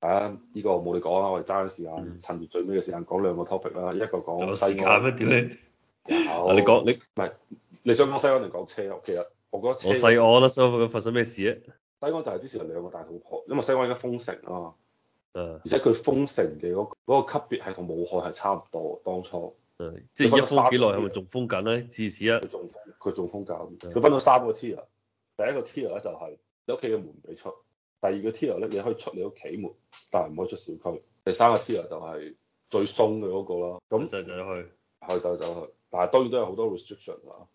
啊，呢、呢個冇你講啦，我哋揸緊時間，嗯、趁住最尾嘅時間講兩個 topic 啦。一個講西安咩點咧？有 你講你唔係你，你想講西安定講車？其實我覺得我細我覺西安發生咩事咧？西安就係之前有兩個大肚婆，因為西安而家封城啊。誒。而且佢封城嘅嗰嗰個級別係同武漢係差唔多，當初。誒。即係封幾耐係咪仲封緊咧？至此一。佢仲封，佢仲封緊。佢分咗三個 tier，第一個 tier 咧就係你屋企嘅門唔俾出。第二個 tier 咧，你可以出你屋企門，但係唔可以出小區。第三個 tier 就係最鬆嘅嗰個咯。咁，可以走，去，走去，走去，但係當然都有好多 restriction 啦。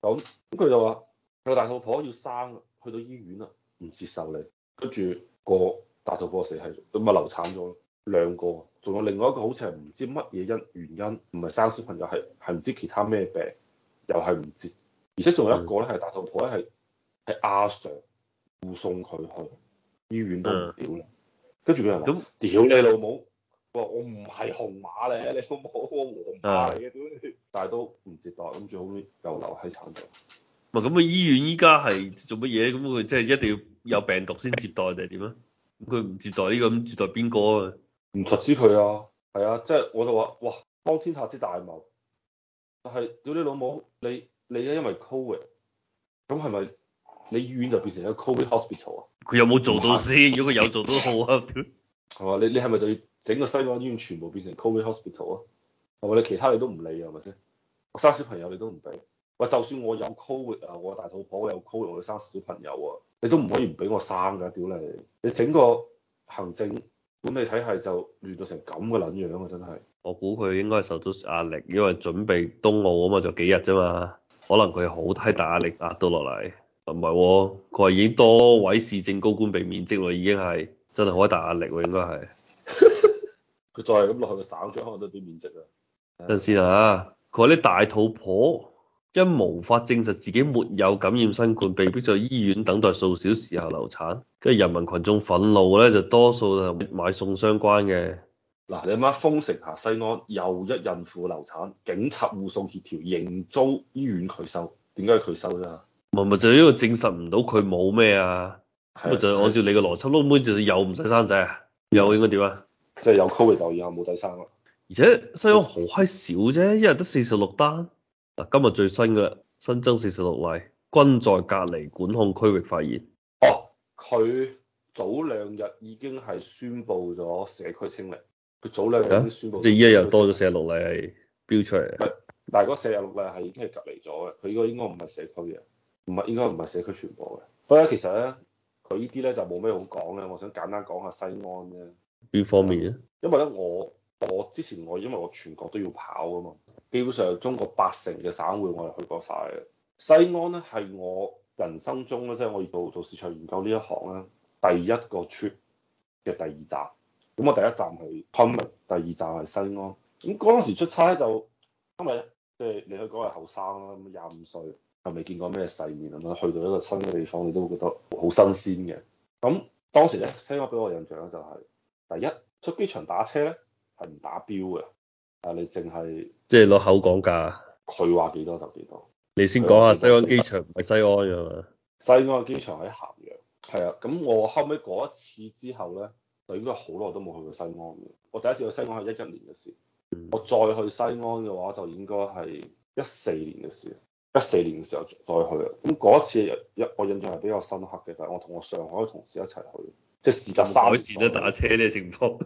咁咁佢就話：個大肚婆要生，去到醫院啦，唔接受你。跟住個大肚婆死係咁啊，流產咗咯。兩個，仲有另外一個好似係唔知乜嘢因原因，唔係生小朋友，係係唔知其他咩病，又係唔接。而且仲有一個咧，係的大肚婆咧，係係阿 Sir 護送佢去。醫院都唔屌啦，跟住佢話，咁屌你老母，我我唔係紅馬咧，你老母我黃馬嚟嘅屌你，但係都唔接待，咁最好咧又留喺廠度。咁啊、嗯，醫院依家係做乜嘢？咁佢即係一定要有病毒先接待定係點啊？咁佢唔接待呢咁，接待邊個啊？唔熟知佢啊？係啊，即係我就話哇，當天下之大謀，但係屌你老母，你你咧因為 covid，咁係咪你醫院就變成一個 covid hospital 啊？佢有冇做到先？如果佢有做到 有做好啊，係嘛？ 你你係咪就要整個西安醫院全部變成 COVID hospital 啊？係嘛？你其他你都唔理啊？係咪先？我生小朋友你都唔俾？喂，就算我有 COVID 啊，我大肚婆我有 COVID，我要 CO CO CO 生小朋友啊，你都唔可以唔俾我生㗎？屌你！你整個行政管理體系就亂到成咁嘅撚樣啊！真係。我估佢應該受到壓力，因為準備冬奧啊嘛，就幾日啫嘛，可能佢好太大壓力壓到落嚟。唔係喎，佢話、哦、已經多位市政高官被免職咯，已經係真係好大壓力喎，應該係。佢 再係咁落去，省長都畀免職啊？有陣時嚇，佢話啲大肚婆因無法證實自己沒有感染新冠，被迫在醫院等待數小時後流產，跟住人民群眾憤怒咧，就多數係買餸相關嘅。嗱，你阿媽封城下西安，又一孕婦流產，警察護送協調仍遭醫院拒收，點解拒收啫？唔咪就係因為證實唔到佢冇咩啊？咪的就係按照你嘅邏輯，撈妹就係有唔使生仔啊？有應該點啊？即係有區域就以後冇得生啦。而且西安好閪少啫，一日得四十六單。嗱，今日最新嘅新增四十六例，均在隔離管控區域發現。哦、啊，佢早兩日已經係宣布咗社區清零。佢早兩日宣布。即係一日多咗四十六例係標出嚟。但係嗰四十六例係已經係隔離咗嘅，佢應該應唔係社區嘅。唔係應該唔係社區傳播嘅，不過其實咧佢呢啲咧就冇咩好講咧。我想簡單講下西安咧。邊方面咧？因為咧我我之前我因為我全國都要跑啊嘛，基本上中國八成嘅省會我係去過晒嘅。西安咧係我人生中咧即係我要做做市場研究呢一行咧第一個 trip 嘅第二站。咁我第一站係昆明，第二站係西安。咁嗰陣時出差就因為即係你去嗰係後生啦，咁廿五歲。又未見過咩世面咁樣，去到一個新嘅地方，你都會覺得好新鮮嘅。咁當時咧，西安俾我印象咧就係，第一，出機場打車咧係唔打表嘅，啊，你淨係即係攞口講價，佢話幾多就幾多。你先講下西安機場唔係西安啊嘛？西安嘅機場喺咸陽。係啊，咁我後尾嗰一次之後咧，就應該好耐都冇去過西安嘅。我第一次去西安係一一年嘅事，我再去西安嘅話就應該係一四年嘅事。一四年嘅時候再去，咁嗰次一我印象係比較深刻嘅，但係我同我上海同事一齊去，即係時間三線都打車呢情況。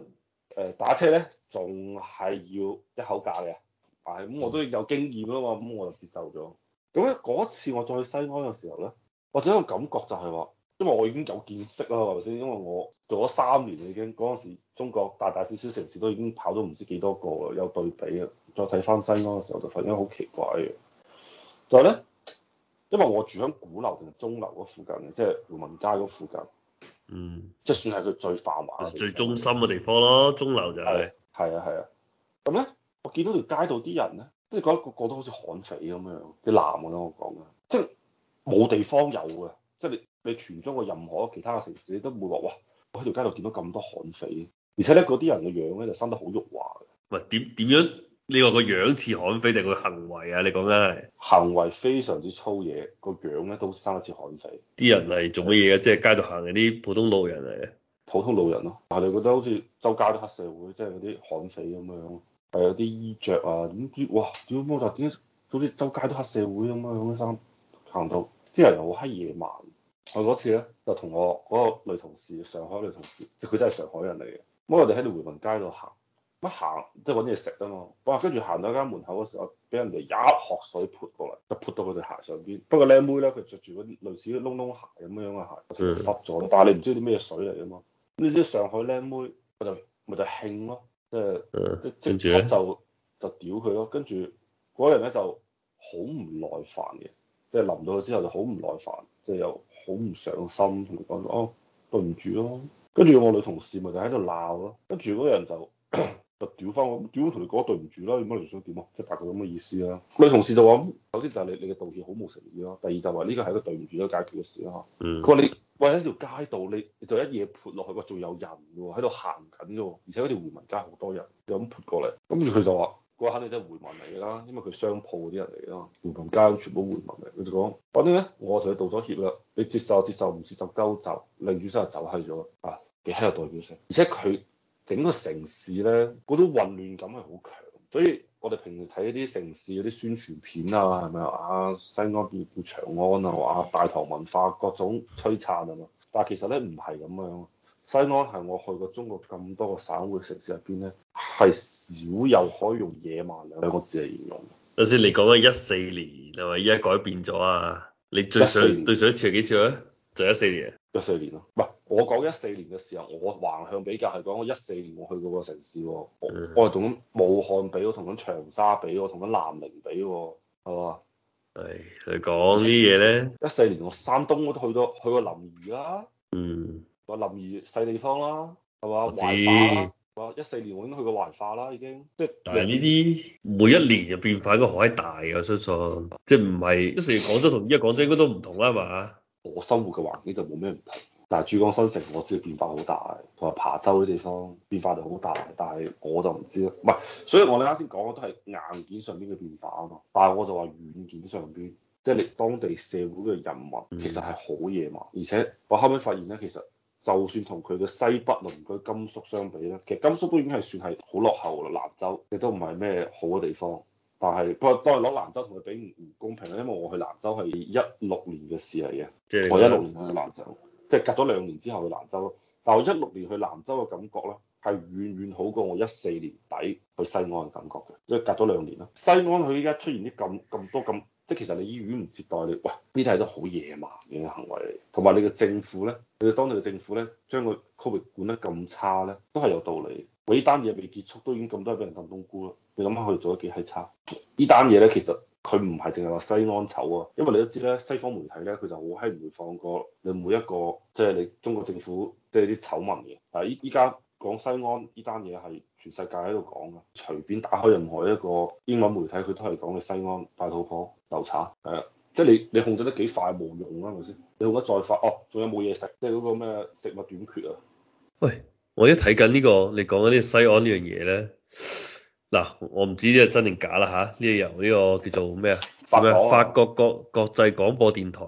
誒打車咧，仲係要一口價嘅，係咁、 嗯、我都有經驗啦嘛，咁我就接受咗。咁咧嗰次我再去西安嘅時候咧，我有一個感覺就係、是、話，因為我已經有見識啦，係咪先？因為我做咗三年已經，嗰陣時中國大大小小城市都已經跑咗唔知幾多個啦，有對比啊。再睇翻西安嘅時候，就發現好奇怪嘅。就係咧，因為我住響鼓樓定係鐘樓嗰附近嘅，即係回民街嗰附近，就是、附近嗯，即係算係佢最繁華，最中心嘅地方咯。鐘樓就係、是，係啊係啊。咁咧，我見到條街度啲人咧，即係覺得個個都好似悍匪咁樣，啲男嘅啦我講啊，即係冇地方有嘅，即、就、係、是、你你全中國任何其他嘅城市，你都唔會話，哇！我喺條街度見到咁多悍匪，而且咧嗰啲人嘅樣咧就生得好肉滑嘅。喂，點點樣？呢個個樣似悍匪定個行為啊？你講緊行為非常之粗野，個樣咧都生得似悍匪。啲人嚟做乜嘢啊？即係街度行嗰啲普通路人嚟嘅。普通路人咯、啊，我哋覺得好似周街、就是啊、都黑社會，即係嗰啲悍匪咁樣。係有啲衣着啊，咁哇，屌！我話點解周街都黑社會咁樣樣？行到啲人又好黑夜晚。我嗰次咧就同我嗰個女同事，上海女同事，佢真係上海人嚟嘅。咁我哋喺度回民街度行。行即係揾嘢食啊嘛！哇、啊，跟住行到間門口嗰時候，俾人哋一殼水潑過嚟，就潑到佢對鞋上邊。不過靚妹咧，佢着住嗰啲類似窿窿鞋咁樣嘅鞋，濕咗的。但係你唔知啲咩水嚟啊嘛？你知上海靚妹，佢就咪就興咯、就是的，即係即即刻就就屌佢咯。跟住嗰人咧就好唔耐煩嘅，即係淋到佢之後就好唔耐煩，即、就、係、是、又好唔上心，同佢講：哦對唔住咯。跟住我女同事咪就喺度鬧咯。跟住嗰人就。就屌翻我，屌同你講對唔住啦，你乜你想點啊？即係大概咁嘅意思啦、啊。女同事就話：，首先就係你，你嘅道歉好冇誠意咯、啊。第二就話呢個係一個對唔住一個解決嘅事啦、啊。嗯。佢話你為一條街道，你你就一嘢潑落去，哇仲有人喎、啊，喺度行緊嘅，而且嗰條回民街好多人，就咁潑過嚟。跟住佢就話：，嗰個肯定都係回民嚟噶啦，因為佢商鋪啲人嚟噶嘛，回民街全部回民嚟。佢就講：，反正咧，我同你道咗歉啦，你接受接受唔接受都就女先生就走氣咗啦。啊，幾閪有代表性，而且佢。整個城市呢，嗰種混亂感係好強，所以我哋平時睇一啲城市嗰啲宣傳片啊，係咪啊？西安叫叫長安啊，話、啊、大唐文化、啊、各種璀璨啊嘛。但係其實呢，唔係咁樣、啊，西安係我去過中國咁多個省會城市入邊呢，係少有可以用野蠻兩個字嚟形容。嗰時你講嘅一四年係咪依家改變咗啊？你最想年對上一次係幾次啊？就一四年。一四年咯，唔係我講一四年嘅時候，我橫向比較係講我一四年我去過個城市，我我係同緊武漢比，我同緊長沙比，我同緊南寧比，係嘛？係佢講呢啲嘢咧，一四年我山東我都去到去過臨沂啦，嗯，話臨沂細地方啦，係嘛？我知。話一四年我都去過懷化啦，已經，即係。但呢啲每一年就變化應該好大嘅，我相信，即係唔係一四年廣州同依家廣州應該都唔同啦，係嘛？我生活嘅環境就冇咩唔同，但係珠江新城我知道變化好大，同埋琶洲啲地方變化就好大，但係我就唔知咯，唔係，所以我哋啱先講嘅都係硬件上邊嘅變化啊嘛，但係我就話軟件上邊，即係你當地社會嘅人民其實係好野蠻。而且我後尾發現咧，其實就算同佢嘅西北鄰居甘肅相比咧，其實甘肅都已經係算係好落後啦，蘭州亦都唔係咩好嘅地方。係，不過當係攞蘭州同佢比唔公平，因為我去蘭州係一六年嘅事嚟嘅，的我一六年去蘭州，的即係隔咗兩年之後去蘭州。但我一六年去蘭州嘅感覺咧，係遠遠好過我一四年底去西安嘅感覺嘅，因為隔咗兩年啦。西安佢依家出現啲咁咁多咁，即係其實你醫院唔接待你，喂，呢啲係都好野蠻嘅行為，同埋你嘅政府咧，你哋當地嘅政府咧，將個區域管得咁差咧，都係有道理。我依單嘢未結束，都已經咁多人俾人氹冬菇啦。你諗下佢做得幾閪差？呢單嘢咧，其實佢唔係淨係話西安醜啊，因為你都知咧，西方媒體咧佢就好閪唔會放過你每一個，即係你中國政府即係啲醜聞嘅。但係依依家講西安呢單嘢係全世界喺度講噶，隨便打開任何一個英文媒體，佢都係講嘅西安大肚婆、流產。係啊，即係你你控制得幾快冇用啊，咪先？你而家再發哦，仲有冇嘢食？即係嗰個咩食物短缺啊？喂。我一睇緊呢個你講緊呢西安呢樣嘢咧，嗱我唔知呢個真定假啦嚇，呢個由呢個叫做咩啊？法法國國國際廣播電台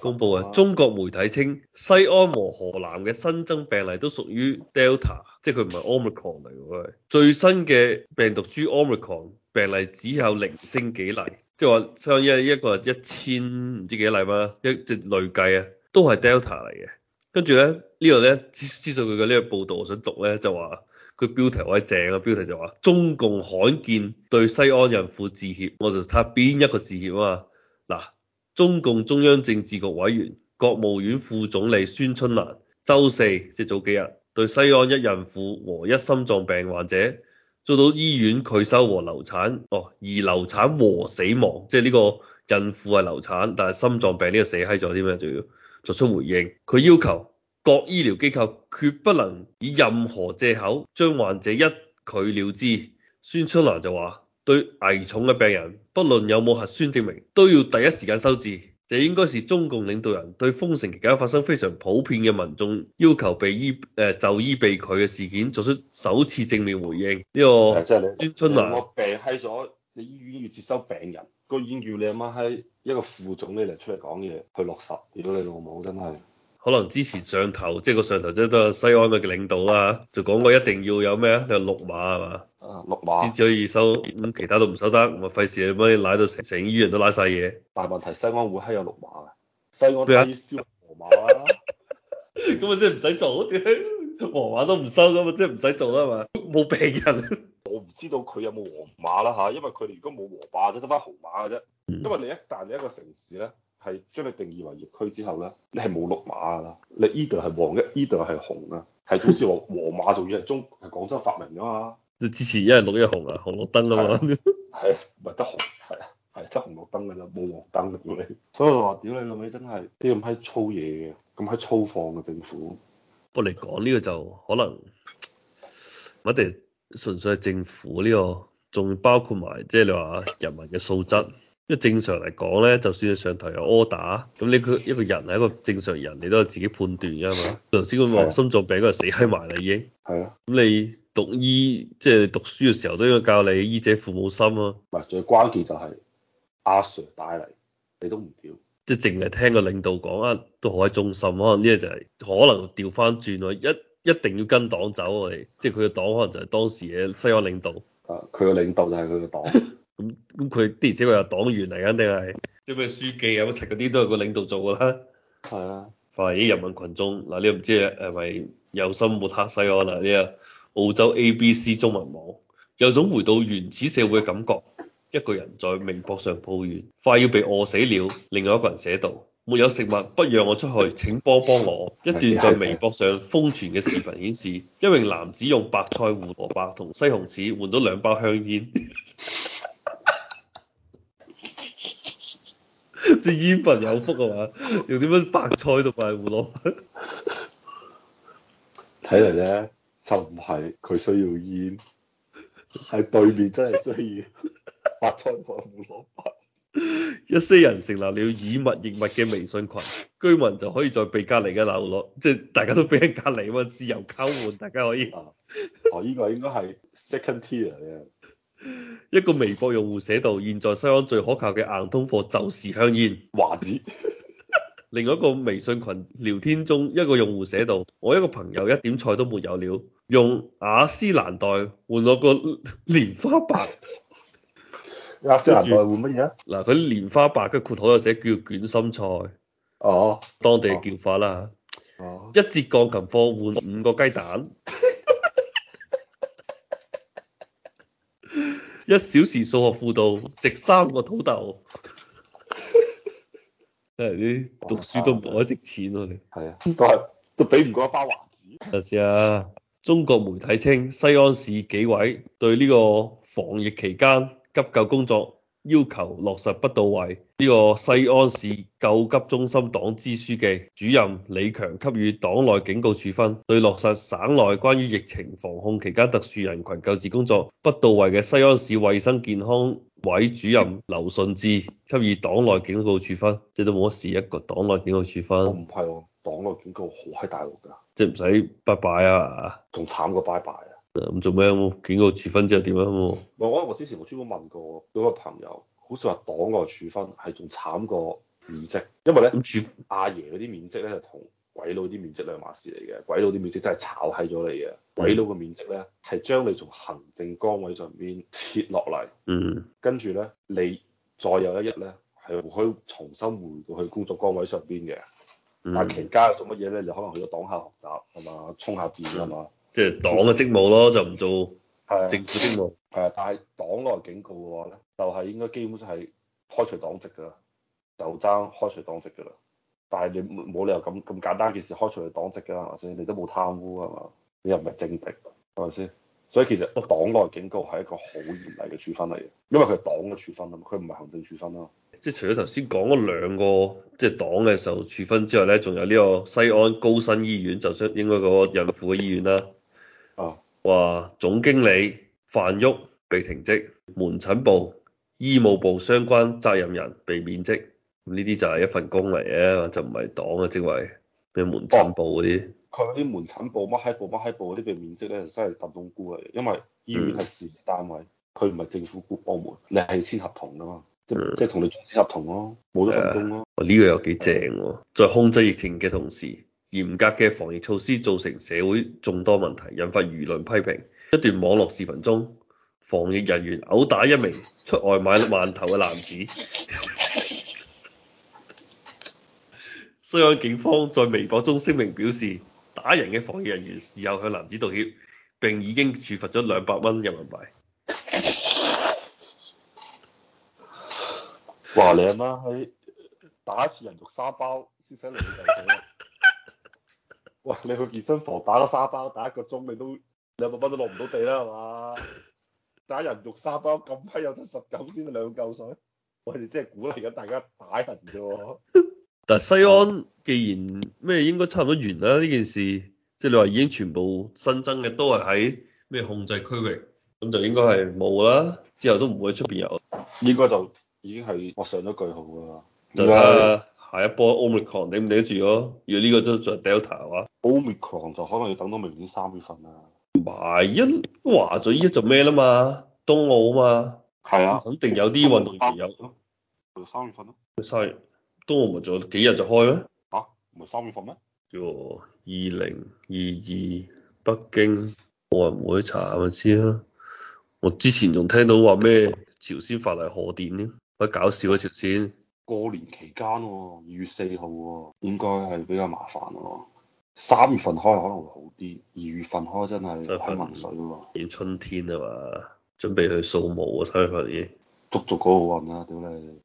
公布啊，中國媒體稱西安和河南嘅新增病例都屬於 Delta，即係佢唔係 Omicron 嚟嘅。最新嘅病毒株 Omicron 病例只有零星幾例，即係話相一一個一千唔知幾多例啦，一即累計啊，都係 Delta 嚟嘅。跟住咧呢度咧，知知道佢嘅呢個報道，我想讀咧就話佢標題好鬼正啊！標題就話中共罕見對西安孕婦致歉，我就睇下邊一個致歉啊？嗱，中共中央政治局委員、國務院副總理孫春蘭周四即係、就是、早幾日，對西安一孕婦和一心臟病患者遭到醫院拒收和流產，哦，而流產和死亡，即係呢個孕婦係流產，但係心臟病呢個死閪咗啲咩仲要？作出回應，佢要求各醫療機構決不能以任何借口將患者一拒了之。孫春蘭就話，對危重嘅病人，不論有冇核酸證明，都要第一時間收治。這應該是中共領導人對封城期間發生非常普遍嘅民眾要求被醫誒、呃、就醫被拒嘅事件作出首次正面回應。呢、這個孫春蘭，我病咗。你醫院要接收病人，個醫院叫你阿媽閪一個副總理嚟出嚟講嘢去落實，如果你老母真係，可能之前上頭即係個上頭即係都係西安嘅領導啦，就講過一定要有咩啊，有綠碼係嘛？啊綠碼，只可以收，咁其他都唔收得，我費事阿媽拉到成成醫院都拉晒嘢。大問題西，西安會閪有綠碼啊，西安可以收黃碼咁啊即係唔使做，點解黃碼都唔收？咁嘛，即係唔使做啦嘛，冇 病人。 知道佢有冇黃馬啦嚇，因為佢哋如果冇黃馬，就得翻紅馬嘅啫。嗯、因為你一旦你一個城市咧，係將你定義為疫區之後咧，你係冇綠馬噶啦。你呢度係黃嘅，呢度係紅啊，係好似話黃馬仲要係中係廣州發明咗嘛？你支持一係綠一紅啊？紅綠燈啊嘛，係咪得紅？係啊，係得紅綠燈噶啦，冇黃燈嚟你，所以就話屌你老味，真係啲咁閪粗嘢嘅，咁閪粗放嘅政府。不過你講呢個就可能我哋。純粹係政府呢、這個，仲包括埋即係你話人民嘅素質，因為正常嚟講咧，就算你上頭有 order，咁你佢一個人係一個正常人，你都係自己判斷噶嘛。頭先咁話心臟病嗰個死喺埋啦已經，係啊的，咁你讀醫即係、就是、讀書嘅時候都應該教你醫者父母心啊。唔係，最關鍵就係、是、阿、啊、Sir 帶嚟，你都唔調，即係淨係聽個領導講啊，都好喺中心可能呢個就係、是、可能調翻轉去。一。一定要跟黨走啊，我哋即係佢嘅黨可能就係當時嘅西安領導。啊，佢嘅領導就係佢嘅黨。咁咁佢，的而且確係黨員嚟，肯定係。啲咩書記啊，一齊嗰啲都係個領導做噶啦。係啊。凡係啲人民群眾嗱，你唔知係咪有心抹黑西安啦？呢澳洲 ABC 中文網有種回到原始社會嘅感覺。一個人在微博上抱怨，快要被餓死了。另外一個人寫道。沒有食物，不讓我出去，請幫幫我。一段在微博上瘋傳嘅視頻顯示，一名男子用白菜、胡蘿卜同西紅柿換到兩包香煙。即煙粉有福嘅、啊、話，用點樣白菜同埋胡蘿卜？睇嚟咧就唔係佢需要煙，喺對面真係需要白菜同胡蘿卜。一些人成立了以物易物嘅微信群，居民就可以在被隔離嘅流落，即係大家都俾喺隔離啊，自由交換，大家可以。啊、哦，呢、這個應該係 second tier 嘅。 一個微博用戶寫道：，現在西安最可靠嘅硬通貨就是香煙、華子華止。 另外一個微信群聊天中，一個用戶寫道：，我一個朋友一點菜都沒有了，用雅詩蘭黛換咗個蓮花白。阿小南嗱，佢、啊、蓮花白嘅括號又寫叫捲心菜，哦、啊，當地嘅叫法啦。啊、一節鋼琴課換五個雞蛋， 一小時數學輔導值三個土豆，真 係 讀書都唔係值錢喎、啊。你係啊， 都比唔過一包華子。頭先啊，中國媒體稱西安市紀委對呢個防疫期間急救工作要求落實不到位，呢、這個西安市救急中心黨支書記主任李強給予黨內警告處分；對落實省內關於疫情防控期間特殊人群救治工作不到位嘅西安市衛生健康委主任劉順志給予黨內警告處分。即都冇事，一個黨內警告處分。我唔係，黨內警告好喺大陸噶，即唔使拜拜啊，仲慘過拜拜、啊。咁做咩？警告處分之後點樣啊？我我我之前我專門問過嗰個朋友，好似話黨內處分係仲慘過免職，因為咧儲阿爺嗰啲免職咧同鬼佬啲免職兩碼事嚟嘅，鬼佬啲免職真係炒閪咗你嘅，鬼佬嘅免職咧係將你從行政崗位上邊撤落嚟，嗯、跟住咧你再有一日咧係可以重新回到去工作崗位上邊嘅，但係期間做乜嘢咧？你可能去咗黨校學習係嘛，充下電啊嘛。即係黨嘅職務咯，就唔做政府職務。係啊，但係黨內警告嘅話咧，就係、是、應該基本上係開除黨籍㗎啦，就爭開除黨籍㗎啦。但係你冇理由咁咁簡單件事開除佢黨籍㗎啦，係咪先？你都冇貪污啊嘛，你又唔係政敵，係咪先？所以其實黨內警告係一個好嚴厲嘅處分嚟嘅，因為佢係黨嘅處分啊嘛，佢唔係行政處分啦。即係除咗頭先講嗰兩個即係、就是、黨嘅時候處分之外咧，仲有呢個西安高新醫院，就應應該個孕婦嘅醫院啦。話總經理范旭被停職，門診部、醫務部相關責任人被免職。呢啲就係一份工嚟嘅，就唔係黨嘅職位。咩門診部嗰啲？佢啲、哦、門診部、乜閪部、乜閪部嗰啲被免職咧，真係特登估嘅，因為醫院係事業單位，佢唔係政府部門，你係簽合同噶嘛，即係、嗯、即係同你終止合同咯，冇得份工咯、啊。呢、嗯這個又幾正喎、啊，在控制疫情嘅同時。嚴格嘅防疫措施造成社會眾多問題，引發輿論批評。一段網絡視頻中，防疫人員毆打一名出外買饅頭嘅男子。 西安警方在微博中聲明表示，打人嘅防疫人員事後向男子道歉，並已經處罰咗兩百蚊人民幣。 哇！你阿媽喺打一次人肉沙包，先使你喂，你去健身房打個沙包打一個鐘，你都兩百蚊都落唔到地啦，係嘛？ 打人肉沙包咁抵有得十九先兩嚿水，我哋真係鼓勵緊大家打人啫喎。但係， 西安既然咩應該差唔多完啦呢件事，即係你話已經全部新增嘅都係喺咩控制區域，咁就應該係冇啦，之後都唔會出邊有。 應該就已經係我上咗句號啦。下一波 Omicron，你頂唔頂得住咯？如果呢個真係 Delta 啊，Omicron 就可能要等到明年三月份啊。唔一話咗依就咩啦嘛？冬奧嘛，係啊，肯定有啲運動員有咯。就三月份咯。三月冬奧咪仲有幾日就開咩？嚇？唔係三月份咩？叫二零二二北京奧運會查下咪先啊。我之前仲聽到話咩朝鮮發嚟賀電添，好搞笑啊朝鮮。過年期間喎、哦，二月四號喎，應該係比較麻煩咯。三月份開可能會好啲，二月份開真係喺濛水喎，見春天啊嘛，準備去掃墓啊、哦，睇下份已足足嗰個運啊，屌你！